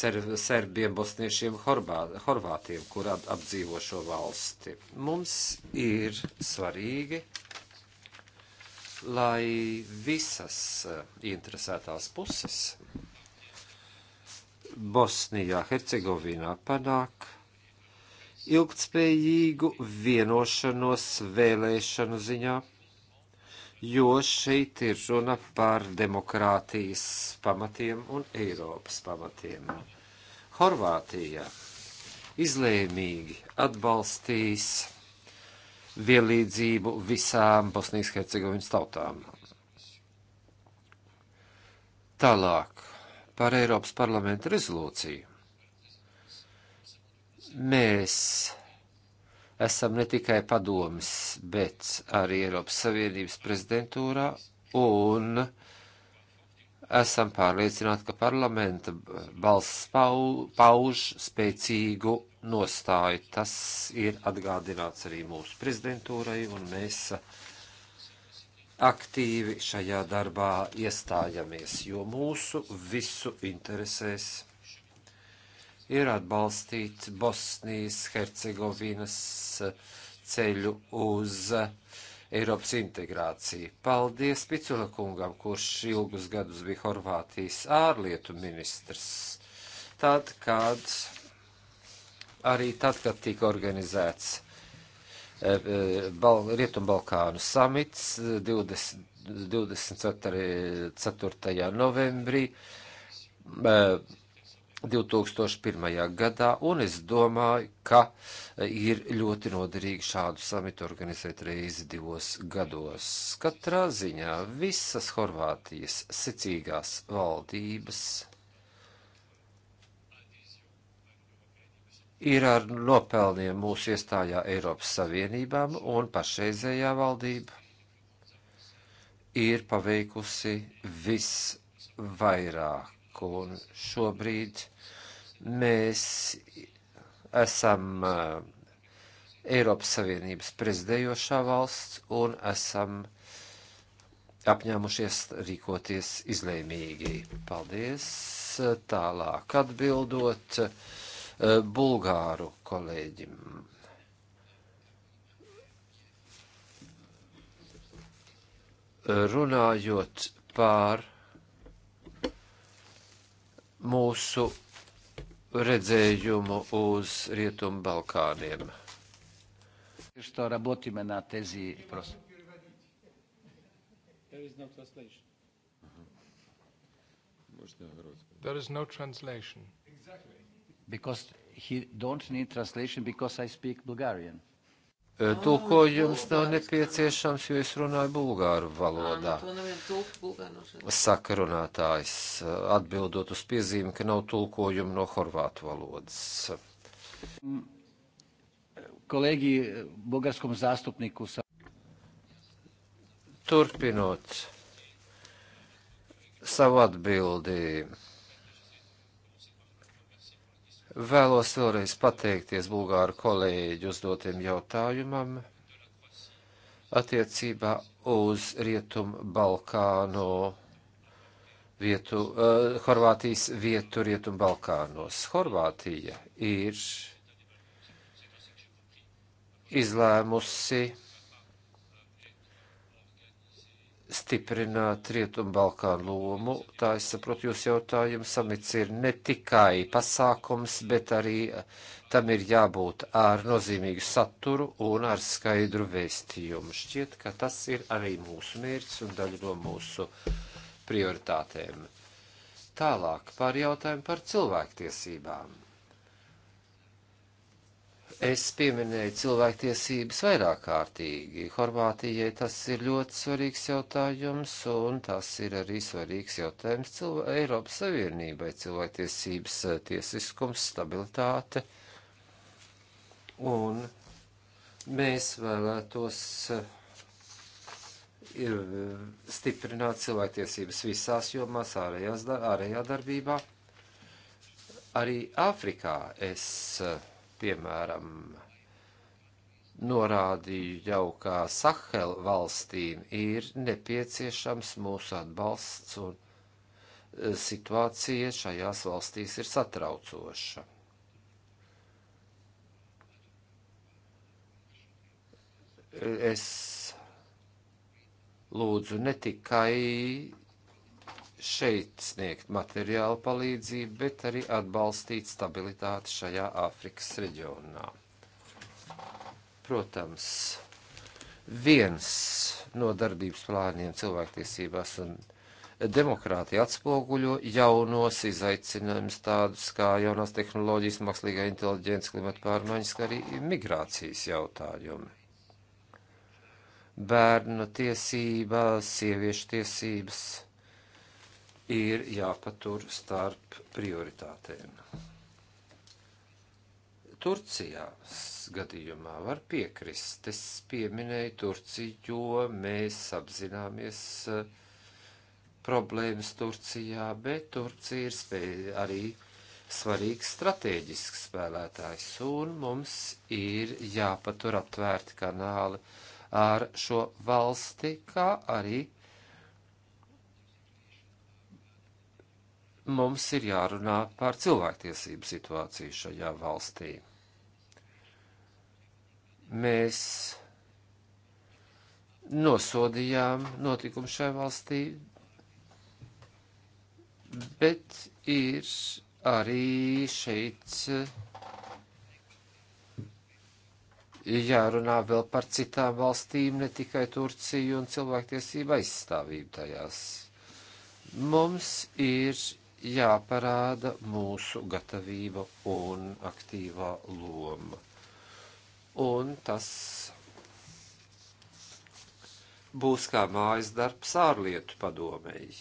serbiem, bosniešiem, horbā, horvātiem, kur apdzīvo šo valsti. Mums ir svarīgi, lai visas e, interesētās puses Bosnijā, Hercegovinā panāk ilgtspējīgu vienošanos vēlēšanu ziņā jo šeit ir runa par demokrātijas pamatiem un Eiropas pamatiem. Horvātija izlēmīgi atbalstīs vienlīdzību visām Bosnijas Hercegovinas tautām. Tālāk par Eiropas parlamenta rezolūciju. Mēs esam ne tikai padomis, bet arī Eiropas Savienības prezidentūrā un esam pārliecināti, ka parlamenta balss pauž spēcīgu nostāju. Tas ir atgādināts arī mūsu prezidentūrai un mēs aktīvi šajā darbā iestājamies, jo mūsu visu interesēs ir atbalstīt Bosnijas Hercegovinas eh, ceļu uz eh, Eiropas integrāciju. Paldies Picula kungam, kurš ilgus gadus bija Horvātijas ārlietu ministrs. Tad, kad arī tad, kad tika organizēts eh, Bal Rietumbalkānu samits 20, 24. novembrī, 2001. gadā, un es domāju, ka e, ir ļoti noderīgi šādu samitu organizēt reizi divos gados. Katrā ziņā visas Horvātijas secīgās valdības ir ar nopelniem mūsu iestājā Eiropas Savienībām, un pašreizējā valdība ir paveikusi visvairāk politiku, un šobrīd mēs esam eh, Eiropas Savienības prezidējošā valsts un esam apņēmušies rīkoties izlēmīgi. Paldies! Tālāk atbildot eh, bulgāru kolēģim. Runājot pār mūsu redzējumu uz Rietumu Balkāniem. Što rabotime na tezi, prosim. There is no translation. Mhm. There is no translation. Exactly. Because he don't need translation because I speak Bulgarian tulkojums nav nepieciešams, jo es runāju bulgāru valodā. Ah, nu, Saka runātājs, atbildot uz piezīmi, ka nav tulkojuma no horvātu valodas. Mm, kolēģi, bulgārskom zastupniku. Turpinot savu atbildību Vēlos vēlreiz pateikties bulgāru kolēģi uzdotiem jautājumam attiecībā uz Rietumu Balkānu vietu, uh, Horvātijas vietu Rietumu Balkānos. Horvātija ir izlēmusi stiprināt Rietumbalkānu lomu. Tā es saprotu, jūs jautājums samits ir ne tikai pasākums, bet arī eh, tam ir jābūt ar nozīmīgu saturu un ar skaidru vēstījumu. Šķiet, ka tas ir arī mūsu mērķis un daļa no mūsu prioritātēm. Tālāk par jautājumu par cilvēktiesībām. Es pieminēju cilvēktiesības vairāk kārtīgi. Horvātijai tas ir ļoti svarīgs jautājums, un tas ir arī svarīgs jautājums cilvē Eiropas Savienībai - cilvēktiesības eh, tiesiskums, stabilitāte. Un mēs vēlētos eh, eh, stiprināt cilvēktiesības visās jomās, ārējās, ārējā darbībā. Arī Āfrikā es. Uh, piemēram, norādīju jau, kā Sahel valstīm ir nepieciešams mūsu atbalsts, un e, situācija šajās valstīs ir satraucoša. Es lūdzu ne tikai šeit sniegt materiālu palīdzību, bet arī atbalstīt stabilitāti šajā Āfrikas reģionā. Protams, viens no darbības plāniem cilvēktiesībās un demokrātija atspoguļo jaunos izaicinājumus tādus kā jaunās tehnoloģijas, mākslīgā inteliģence, klimata pārmaiņas, kā arī migrācijas jautājumi. Bērnu tiesībās, sieviešu tiesības ir jāpatur starp prioritātēm. Turcijās gadījumā var piekrist. Es pieminēju Turciju, jo mēs apzināmies eh, problēmas Turcijā, bet Turcija ir spēja arī svarīgs strateģisks spēlētājs, un mums ir jāpatur aptvērti kanāli ar šo valsti, kā arī mums ir jārunā par cilvēktiesību situāciju šajā valstī. Mēs nosodījām notikumu šajā valstī, bet ir arī šeit jārunā vēl par citām valstīm, ne tikai Turciju un cilvēktiesību aizstāvību tajās. Mums ir jāparāda mūsu gatavība un aktīvā loma. Un tas būs kā mājas darbs ārlietu padomēji.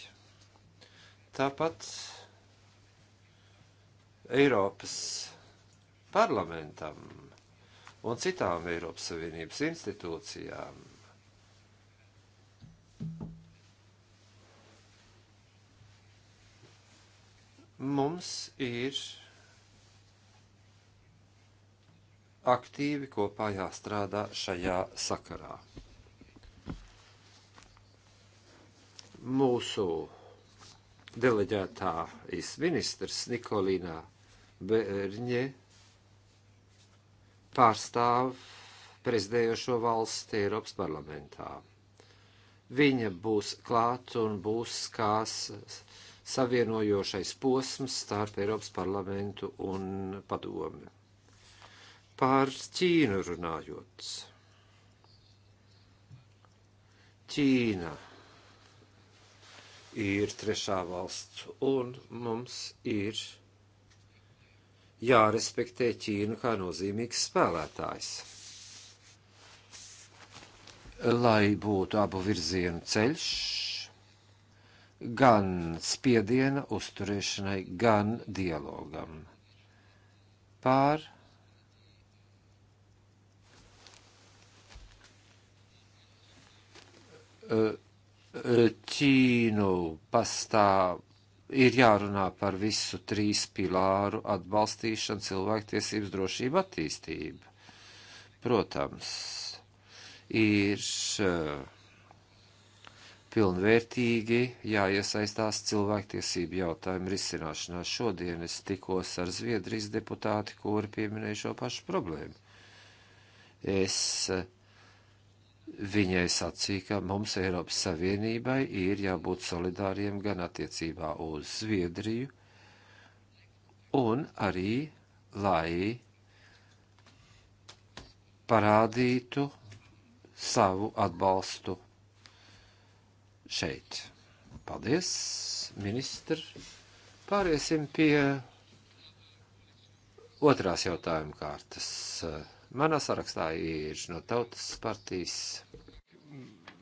Tāpat Eiropas parlamentam un citām Eiropas Savienības institūcijām Mums ir aktīvi kopā jāstrādā šajā sakarā. Mūsu deleģētājs ministrs Nikolīna Berņē pārstāv prezidējošo valsti Eiropas parlamentā. Viņa būs klāt un būs kā savienojošais posms starp Eiropas parlamentu un padomi. Pār Ķīnu runājot. Ķīna ir trešā valsts, un mums ir jārespektē Ķīnu kā nozīmīgs spēlētājs. Lai būtu abu virzienu ceļš, gan spiediena uzturēšanai, gan dialogam. Pār Ķīnu pastāv ir jārunā par visu trīs pilāru atbalstīšanu, cilvēktiesības drošību attīstību. Protams, ir uh, pilnvērtīgi jāiesaistās cilvēktiesību jautājumu risināšanā. Šodien es tikos ar Zviedrijas deputāti, kuri pieminēja šo pašu problēmu. Es viņai sacīju, ka mums Eiropas Savienībai ir jābūt solidāriem gan attiecībā uz Zviedriju, un arī, lai parādītu savu atbalstu šeit. Paldies, ministri. Pāriesim pie otrās jautājuma kārtas. Manā sarakstā ir no Tautas partijas.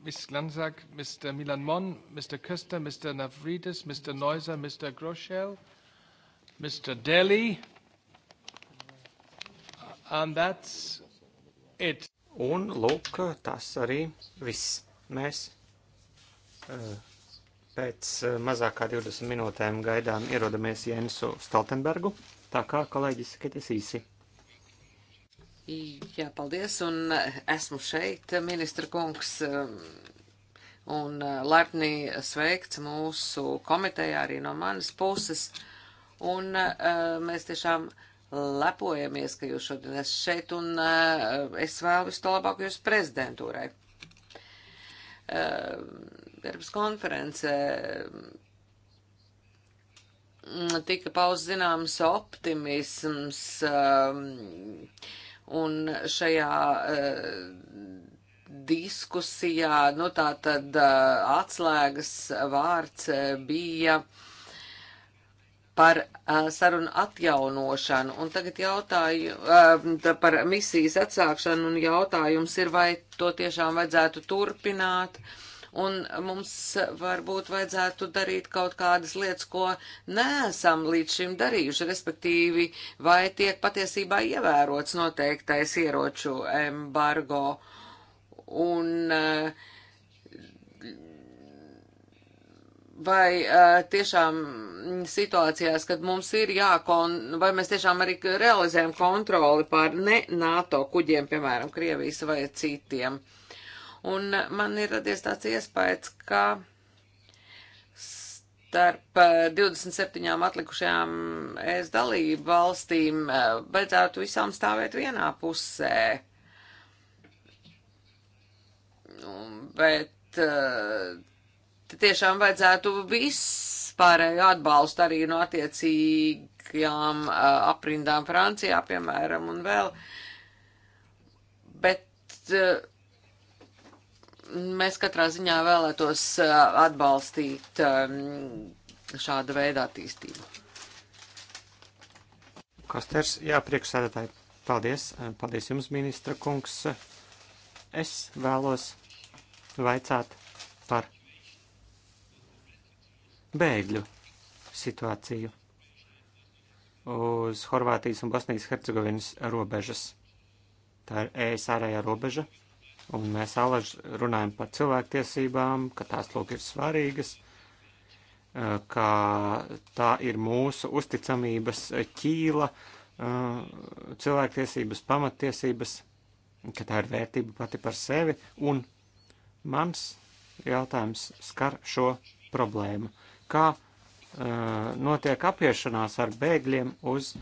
Ms. Glanzak, Mr. Milan Mon, Mr. Köster, Mr. Navridis, Mr. Neuser, Mr. Groschel, Mr. Deli. And that's it. Un lūk, tas arī viss. Mēs Eh, pēc mazāk kā 20 minūtēm gaidām ierodamies Jensu Stoltenbergu, tā kā kolēģis Ketis īsi. Jā, paldies, un eh, esmu šeit, ministra kungs, eh, un laipni sveikts mūsu komitejā arī no manas puses, un mēs tiešām lepojamies, ka jūs šodien esat šeit, un es vēlu visu to labāko jūsu prezidentūrai Pirms konferencē mm, tika paust zināms optimisms, um, un šajā uh, diskusijā, nu tā tad uh, atslēgas vārds uh, bija par sarunu atjaunošanu, un tagad jautāju par misijas atsākšanu, un jautājums ir, vai to tiešām vajadzētu turpināt. Uh, un mums varbūt vajadzētu darīt kaut kādas lietas, ko neesam līdz šim darījuši, respektīvi, vai tiek patiesībā ievērots noteiktais ieroču embargo. Un, eh, Vai uh, tiešām situācijās, kad mums ir jākon, vai mēs tiešām arī realizējam kontroli pār ne NATO kuģiem, piemēram, Krievijas vai citiem? Uh, Un man ir radies tāds iespējas, ka starp 27 eh, atlikušajām es dalību valstīm eh, vajadzētu visām stāvēt vienā pusē. Bet eh, tiešām vajadzētu vispārēju atbalstu arī no attiecīgajām aprindām Francijā, piemēram, un vēl. Bet Mēs katrā ziņā vēlētos uh, atbalstīt um, šāda veida attīstību. Kosters, jā, priekšsēdētāji, paldies. Uh, paldies jums, ministra kungs. Es vēlos vaicāt par bēgļu situāciju uz Horvātijas un Bosnijas Hercegovinas robežas. Tā ir ēs ārējā robeža. Un mēs alaž runājam par cilvēktiesībām, ka tās lūk ir svarīgas, ka tā ir mūsu uzticamības ķīla, cilvēktiesības, pamattiesības, ka tā ir vērtība pati par sevi. Un mans jautājums skar šo problēmu. Kā notiek apiešanās ar bēgļiem uz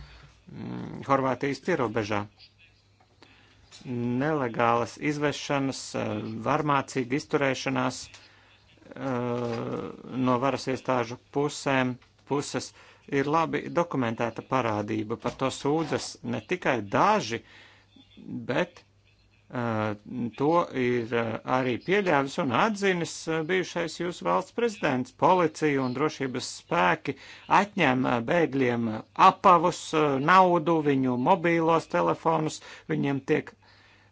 Horvātijas pierobežā? nelegālas izvešanas, eh, varmācīga izturēšanās eh, no varas iestāžu pusēm, puses ir labi dokumentēta parādība. Par to sūdzas ne tikai daži, bet eh, to ir arī pieļāvis un atzinis bijušais jūsu valsts prezidents. Policija un drošības spēki atņem bēgļiem apavus, naudu, viņu mobīlos telefonus, viņiem tiek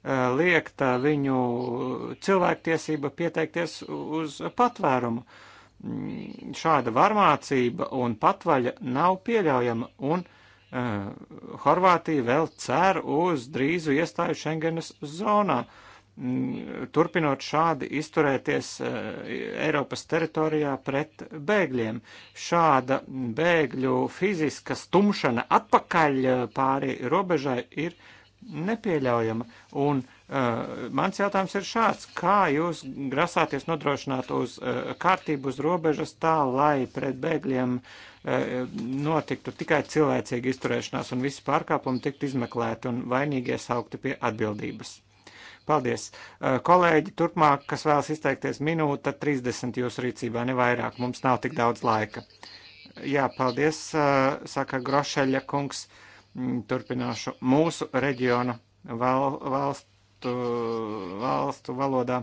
Eh, liekta viņu cilvēktiesība pieteikties uz patvērumu. Mm, šāda varmācība un patvaļa nav pieļaujama, un uh, Horvātija vēl cer uz drīzu iestāju Schengenas zonā. Mm, turpinot šādi izturēties uh, Eiropas teritorijā pret bēgļiem, šāda bēgļu fiziska stumšana atpakaļ pāri robežai ir uh, nepieļaujama. Un uh, mans jautājums ir šāds, kā jūs grasāties nodrošināt uz uh, kārtību uz robežas tā, lai pret bēgļiem uh, notiktu tikai cilvēcīga izturēšanās un visi pārkāpumi tiktu izmeklēti un vainīgie saukti pie atbildības? Paldies. Uh, kolēģi, turpmāk, kas vēlas izteikties minūte 30 jūsu rīcībā, ne vairāk, mums nav tik daudz laika. Jā, paldies, uh, saka Grošeļa kungs. Uh, Mm, turpināšu mūsu reģiona val, valstu, valstu valodā.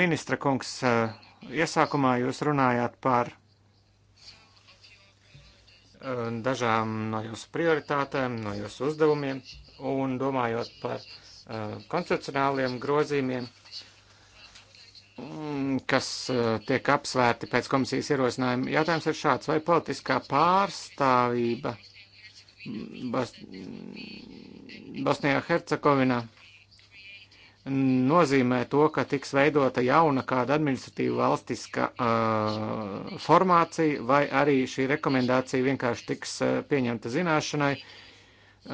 Ministra kungs, eh, iesākumā jūs runājāt par eh, dažām no jūsu prioritātēm, no jūsu uzdevumiem un domājot par eh, konstitucionāliem grozījumiem, mm, kas tiek apsvērti pēc komisijas ierosinājuma. Jautājums ir šāds, vai politiskā pārstāvība uh, Bos Bosnijā Hercegovinā nozīmē to, ka tiks veidota jauna kāda administratīva valstiska uh, formācija, vai arī šī rekomendācija vienkārši tiks uh, pieņemta zināšanai uh,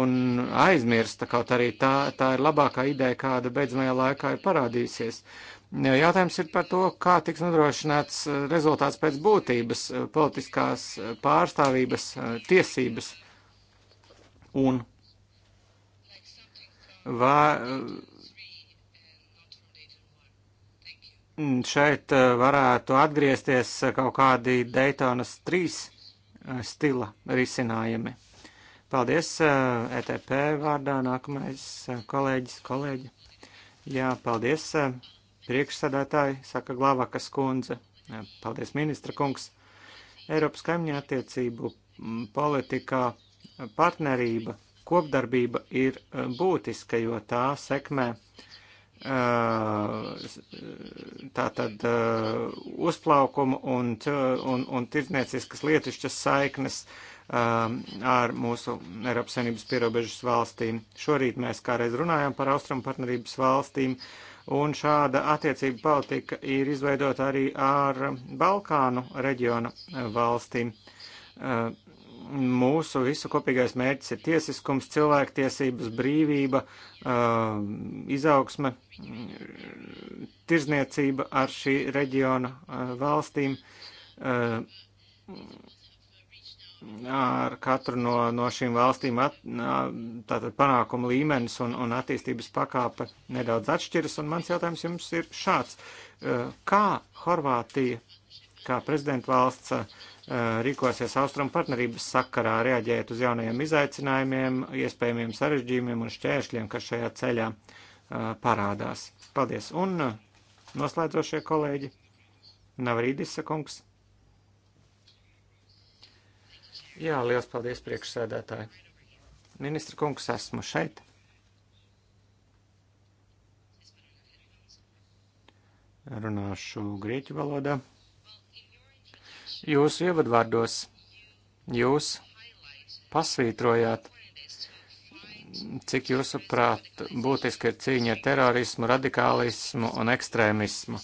un aizmirsta, kaut arī tā, tā ir labākā ideja, kāda beidzamajā laikā ir parādījusies. Uh, Jautājums ir par to, kā tiks nodrošināts eh, rezultāts pēc būtības, eh, politiskās eh, pārstāvības tiesības un vai mm, šeit varētu atgriezties kaut kādi Daytonas 3 stila risinājumi. Paldies, ETP e vārdā nākamais kolēģis, kolēģi. Jā, paldies priekšsādātāji, saka Glavakas kundze. Paldies, ministra kungs. Eiropas kaimiņa attiecību mm, politikā partnerība, kopdarbība ir e, būtiska, jo tā sekmē e, e, tātad uzplaukumu un, un, un tirdznieciskas lietišķas saiknes ar mūsu Eiropas Savienības pierobežas valstīm. Šorīt mēs kāreiz runājām par Austrum partnerības valstīm Un šāda attiecība politika ir izveidota arī ar Balkānu reģiona valstīm. Eh, mūsu visu kopīgais mērķis ir tiesiskums, cilvēktiesības, brīvība, eh, izaugsme, tirzniecība ar šī reģiona eh, valstīm ar katru no, no šīm valstīm at, tātad panākumu līmenis un, un attīstības pakāpe nedaudz atšķiras. Un mans jautājums jums ir šāds. E, kā Horvātija, kā prezidenta valsts, e, rīkosies austrumu partnerības sakarā, reaģēt uz jaunajiem izaicinājumiem, iespējamiem sarežģījumiem un šķēršļiem, kas šajā ceļā e, parādās? Paldies! Un noslēdzošie kolēģi, Navrīdis kungs. Jā, liels paldies priekšsēdētāji. Ministra kungs, esmu šeit. Runāšu grieķu valodā. Jūsu ievadvārdos jūs pasvītrojāt, cik jūsuprāt būtiski ir cīņa ar terorismu, radikālismu un ekstrēmismu.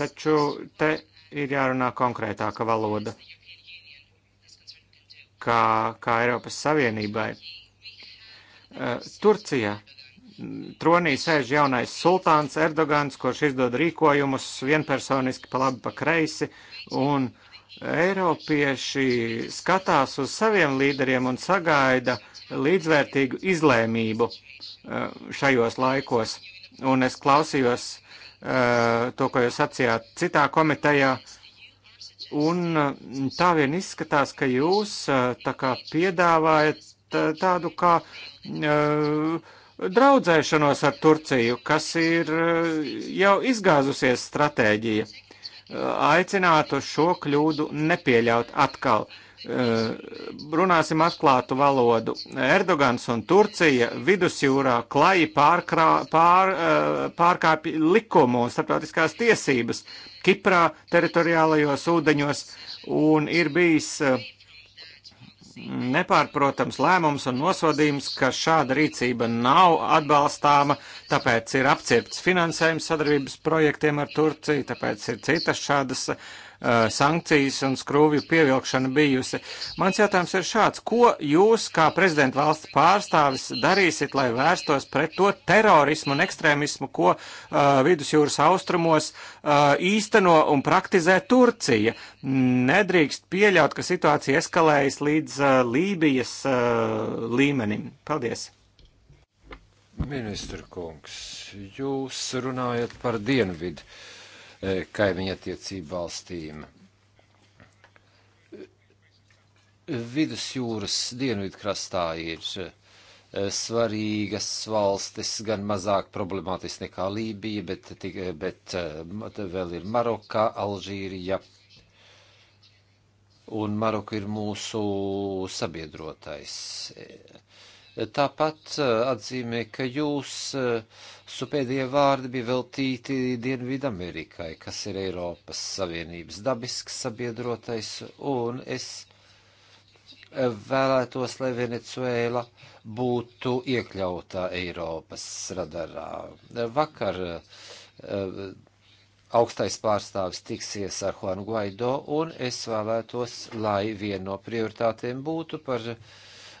Taču te ir jārunā konkrētāka valoda kā, kā Eiropas Savienībai. Eh, Turcija. Tronī sēž jaunais sultāns Erdogans, kurš izdod rīkojumus vienpersoniski pa labi, pa kreisi, un Eiropieši skatās uz saviem līderiem un sagaida līdzvērtīgu izlēmību eh, šajos laikos. Un es klausījos eh, to, ko jūs sacījāt citā komitejā, uh, Un mm, tā vien izskatās, ka jūs tā kā piedāvājat tādu kā uh, draudzēšanos ar Turciju, kas ir uh, jau izgāzusies stratēģija. Uh, aicinātu šo kļūdu nepieļaut atkal. Runāsim atklātu valodu. Erdogans un Turcija vidusjūrā klaji pārkrā, pār, pārkāpja likumu un starptautiskās tiesības. Uh, Kiprā teritoriālajos ūdeņos un ir bijis eh, nepārprotams lēmums un nosodījums, ka šāda rīcība nav atbalstāma, tāpēc ir apcirpts finansējums sadarbības projektiem ar Turciju, tāpēc ir citas šādas Eh, sankcijas un skrūvju pievilkšana bijusi. Mans jautājums ir šāds. Ko jūs, kā prezidenta valsts pārstāvis, darīsiet, lai vērstos pret to terorismu un ekstrēmismu, ko uh, vidusjūras austrumos uh, īsteno un praktizē Turcija? Nedrīkst pieļaut, ka situācija eskalējas līdz uh, Lībijas uh, līmenim. Paldies! Ministra kungs, jūs runājat par dienvidu E, kaimiņa attiecību valstīm. Vidusjūras dienvidkrastā ir e, svarīgas valstis, gan mazāk problemātiski nekā Lībija, bet, e, bet, bet vēl ir Marokā, Alžīrija. Un Maroka ir mūsu sabiedrotais. Tāpat eh, atzīmē, ka jūsu eh, pēdējie vārdi bija veltīti Dienvidamerikai, kas ir Eiropas Savienības dabisks sabiedrotais, un es eh, vēlētos, lai Venecuēla būtu iekļautā Eiropas radarā. Vakar augstais pārstāvis tiksies ar Juanu Guaido, un es vēlētos, lai viena no prioritātēm būtu par uh,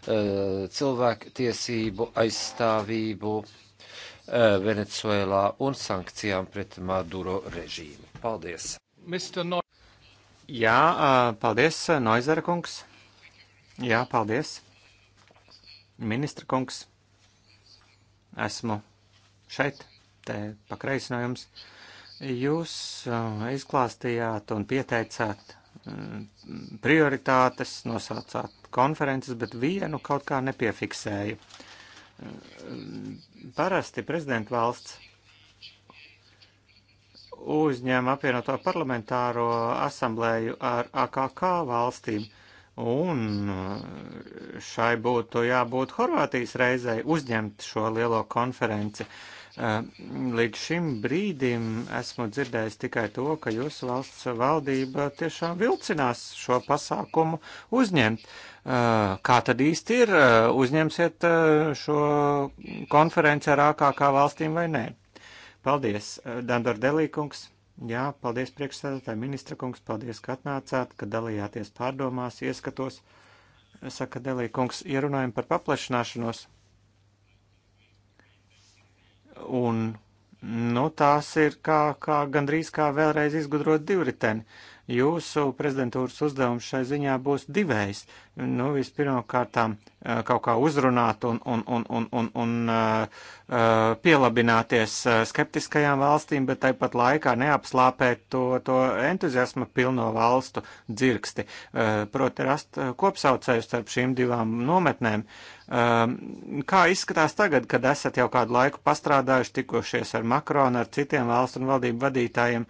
Eh, cilvēku tiesību aizstāvību eh, Venecuēlā un sankcijām pret Maduro režīmu. Paldies! No Jā, eh, paldies, Noizera kungs! Jā, paldies! Ministra kungs! Esmu šeit, te pakreis no jums. Jūs izklāstījāt un pieteicāt Eh, prioritātes, nosaucāt konferences, bet vienu kaut kā nepiefiksēju. Eh, parasti prezidenta valsts uzņem apvienoto parlamentāro asamblēju ar AKK valstīm, un eh, šai būtu jābūt Horvātijas reizei uzņemt šo lielo konferenci. Uh, Līdz šim brīdim esmu dzirdējis tikai to, ka jūsu valsts valdība tiešām vilcinās šo pasākumu uzņemt. Kā tad īsti ir, uzņemsiet šo konferenci ar ārkārtā valstīm vai nē? Paldies, Dandor Delīkungs. Jā, paldies priekšsēdētāji ministra kungs, paldies, ka atnācāt, ka dalījāties pārdomās, ieskatos. Saka Delīkungs, ierunājam par paplašināšanos. Un, nu, tās ir kā, kā gandrīz kā vēlreiz izgudrot divriteni. Jūsu prezidentūras uzdevums šai ziņā būs divējs nu, vispirmām kārtām eh, kaut kā uzrunāt un, un, un, un, un, un eh, eh, pielabināties skeptiskajām valstīm, bet tāpat laikā neapslāpēt to, to entuziasma pilno valstu dzirksti. Proti rast kopsaucēju starp šīm divām nometnēm. Kā izskatās tagad, kad esat jau kādu laiku pastrādājuši, tikošies ar Makronu, ar citiem valstu un valdību vadītājiem?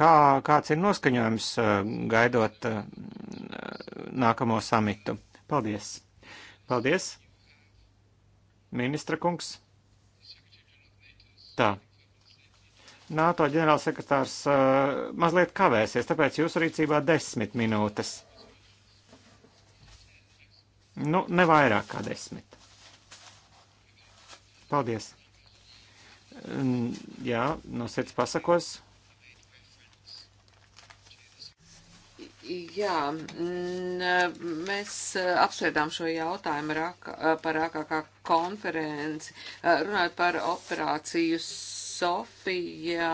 Kā, kāds ir noskaņojums gaidot Uh, nākamo samitu. Paldies! Paldies! Ministra kungs! Tā. NATO ģenerālsekretārs uh, mazliet kavēsies, tāpēc jūsu rīcībā desmit minūtes. Nu, ne vairāk kā desmit. Paldies! Mm, jā, no sirds pasakos. Jā, mm, mēs eh, apsvērdām šo jautājumu eh, par AKK konferenci, eh, runājot par operāciju Sofija.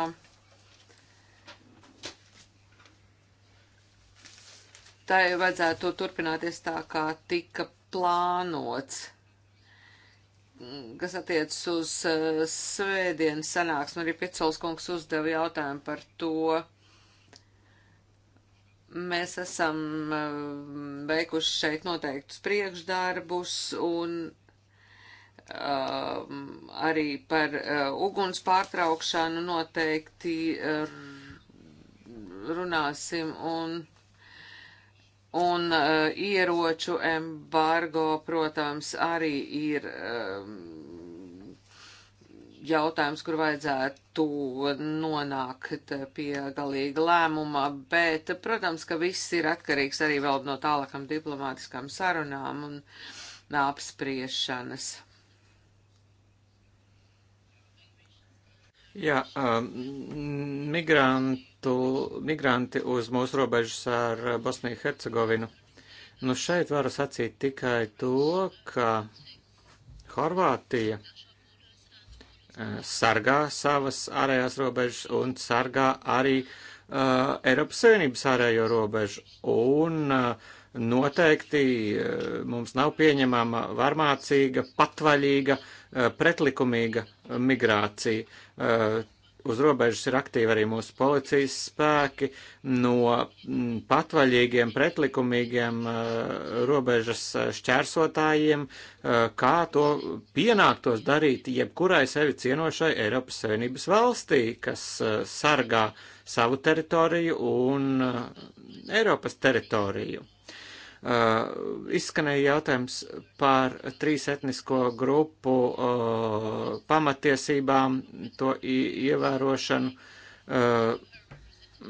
Tā jau vajadzētu turpināties tā, kā tika plānots kas attiecas uz uh, svētdienas sanāksmi, arī Picols kungs uzdeva jautājumu par to, Mēs esam eh, veikuši šeit noteiktus priekšdarbus un uh, arī par uh, uguns pārtraukšanu noteikti runāsim un Un uh, ieroču embargo, protams, arī ir um, jautājums, kur vajadzētu nonākt pie galīga lēmuma, bet, protams, ka viss ir atkarīgs arī vēl no tālākam diplomātiskām sarunām un apspriešanas. Jā, um, migrantu, migranti uz mūsu robežas ar Bosniju Hercegovinu. Nu šeit varu sacīt tikai to, ka Horvātija Eh, sargā savas ārējās robežas un sargā arī uh, Eiropas Savienības ārējo robežu. Un uh, noteikti uh, mums nav pieņemama varmācīga, patvaļīga, uh, pretlikumīga migrācija. Uh, uz robežas ir aktīvi arī mūsu policijas spēki, no mm, patvaļīgiem, pretlikumīgiem uh, robežas uh, šķērsotājiem, uh, kā to pienāktos darīt jebkurai sevi cienošai Eiropas Savienības valstī, kas sargā savu teritoriju un Eiropas teritoriju. Uh, izskanēja jautājums par trīs etnisko grupu uh, pamatiesībām, to ievērošanu, uh,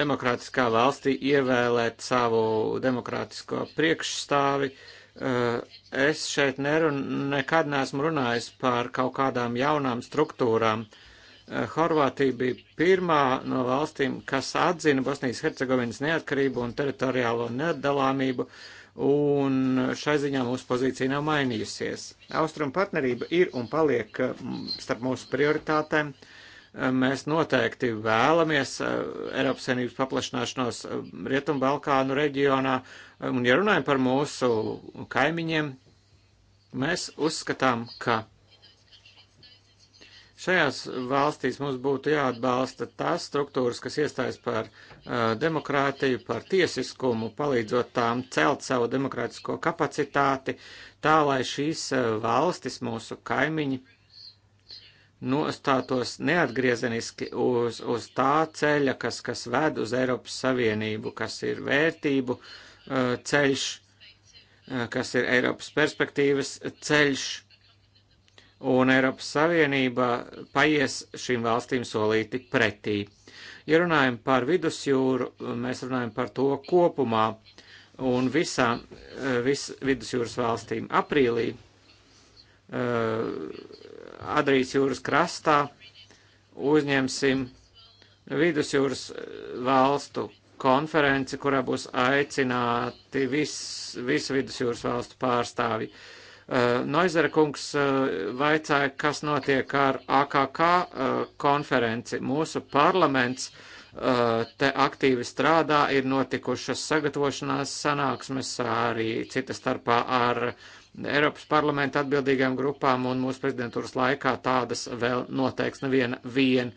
demokrātiskā valstī ievēlēt savu demokrātisko priekšstāvi. Uh, es šeit nerun, nekad neesmu runājis par kaut kādām jaunām struktūrām. Uh, Eh, Horvātija bija pirmā no valstīm, kas atzina Bosnijas Hercegovinas neatkarību un teritoriālo nedalāmību, un šai ziņā mūsu pozīcija nav mainījusies. Austrum partnerība ir un paliek eh, starp mūsu prioritātēm. Eh, mēs noteikti vēlamies Eiropas Savienības paplašināšanos Rietumbalkānu reģionā, un ja runājam par mūsu kaimiņiem, mēs uzskatām, ka Šajās valstīs mums būtu jāatbalsta tās struktūras, kas iestājas par uh, demokrātiju, par tiesiskumu, palīdzot tām celt savu demokrātisko kapacitāti, tā lai šīs uh, valstis, mūsu kaimiņi, nostātos neatgriezeniski uz, uz tā ceļa, kas, kas ved uz Eiropas Savienību, kas ir vērtību uh, ceļš, uh, kas ir Eiropas perspektīvas ceļš un Eiropas Savienība paies šīm valstīm solīti pretī. Ja runājam par vidusjūru, mēs runājam par to kopumā un visām eh, vis, vidusjūras valstīm. Aprīlī eh, Adrijas jūras krastā uzņemsim vidusjūras eh, valstu konferenci, kurā būs aicināti visu vis vidusjūras valstu pārstāvi. Uh, Eh, Noizera kungs eh, vaicāja, kas notiek ar AKK eh, konferenci. Mūsu parlaments te aktīvi strādā, ir notikušas sagatavošanās sanāksmes arī cita starpā ar Eiropas parlamenta atbildīgām grupām, un mūsu prezidentūras laikā tādas vēl noteikti neviena vien.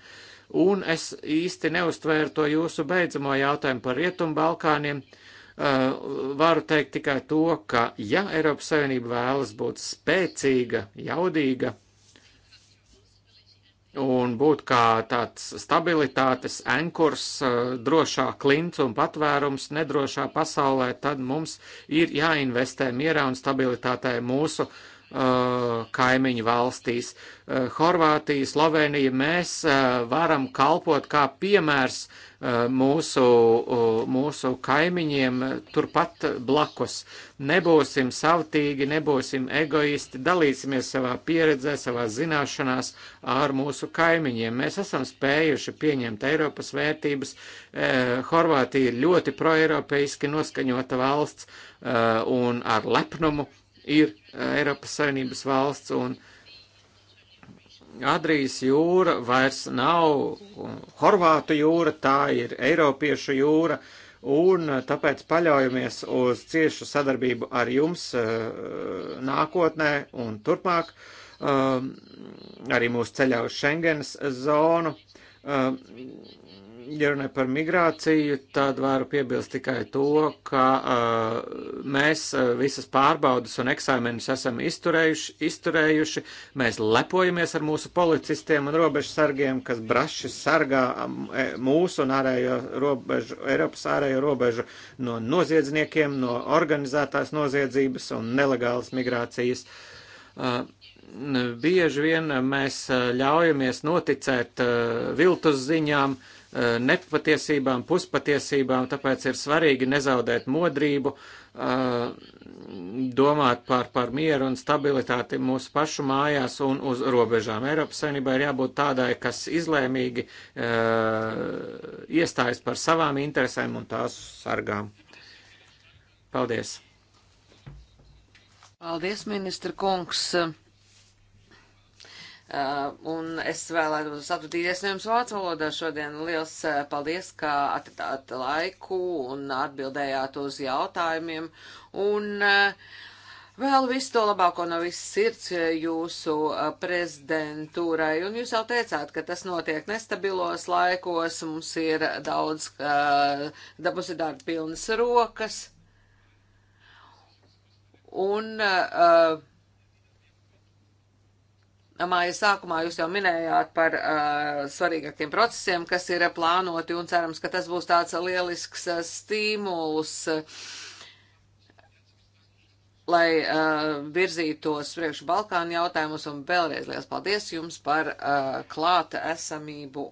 Un es īsti neuztvēru to jūsu beidzamo jautājumu par Rietumu Balkāniem. Uh, Eh, varu teikt tikai to, ka ja Eiropas Savienība vēlas būt spēcīga, jaudīga un būt kā tāds stabilitātes ankurs, eh, drošā klints un patvērums nedrošā pasaulē, tad mums ir jāinvestē mierā un stabilitātē mūsu uh, Uh, kaimiņu valstīs. Uh, Horvātija, Slovenija, mēs uh, varam kalpot kā piemērs mūsu, mūsu kaimiņiem turpat blakus. Nebūsim savtīgi, nebūsim egoisti, dalīsimies savā pieredzē, savā zināšanās ar mūsu kaimiņiem. Mēs esam spējuši pieņemt Eiropas vērtības. Horvātija ir ļoti proeiropeiski noskaņota valsts un ar lepnumu ir Eiropas Savienības valsts, un Adrijas jūra vairs nav Horvātu jūra, tā ir Eiropiešu jūra, un tāpēc paļaujamies uz ciešu sadarbību ar jums nākotnē un turpmāk, arī mūsu ceļā uz Schengenas zonu ja runāju par migrāciju, tad varu piebilst tikai to, ka uh, mēs uh, visas pārbaudas un eksāmenus esam izturējuši, izturējuši. Mēs lepojamies ar mūsu policistiem un robežsargiem, kas braši sargā um, e, mūsu un ārējo robežu, Eiropas ārējo robežu no noziedzniekiem, no organizētās noziedzības un nelegālas migrācijas. Uh, bieži vien mēs uh, ļaujamies noticēt uh, viltus ziņām, uh, Eh, nepatiesībām, puspatiesībām, tāpēc ir svarīgi nezaudēt modrību, eh, domāt par, par mieru un stabilitāti mūsu pašu mājās un uz robežām. Eiropas Savienībā ir jābūt tādai, kas izlēmīgi eh, iestājas par savām interesēm un tās sargām. Paldies! Paldies, ministra kungs! Uh, un es vēlētos atvadīties no jums vācu valodā šodien. Liels uh, paldies, ka atradāt laiku un atbildējāt uz jautājumiem. Un uh, vēl visu to labāko no viss sirds uh, jūsu uh, prezidentūrai. Un jūs jau teicāt, ka tas notiek nestabilos laikos, mums ir daudz, uh, dabas ir darba pilnas rokas. Un uh, Māja sākumā jūs jau minējāt par uh, svarīgākiem procesiem, kas ir plānoti un cerams, ka tas būs tāds lielisks uh, stīmuls, uh, lai uh, virzītos priekšu Balkānu jautājumus un vēlreiz liels paldies jums par uh, klāta esamību.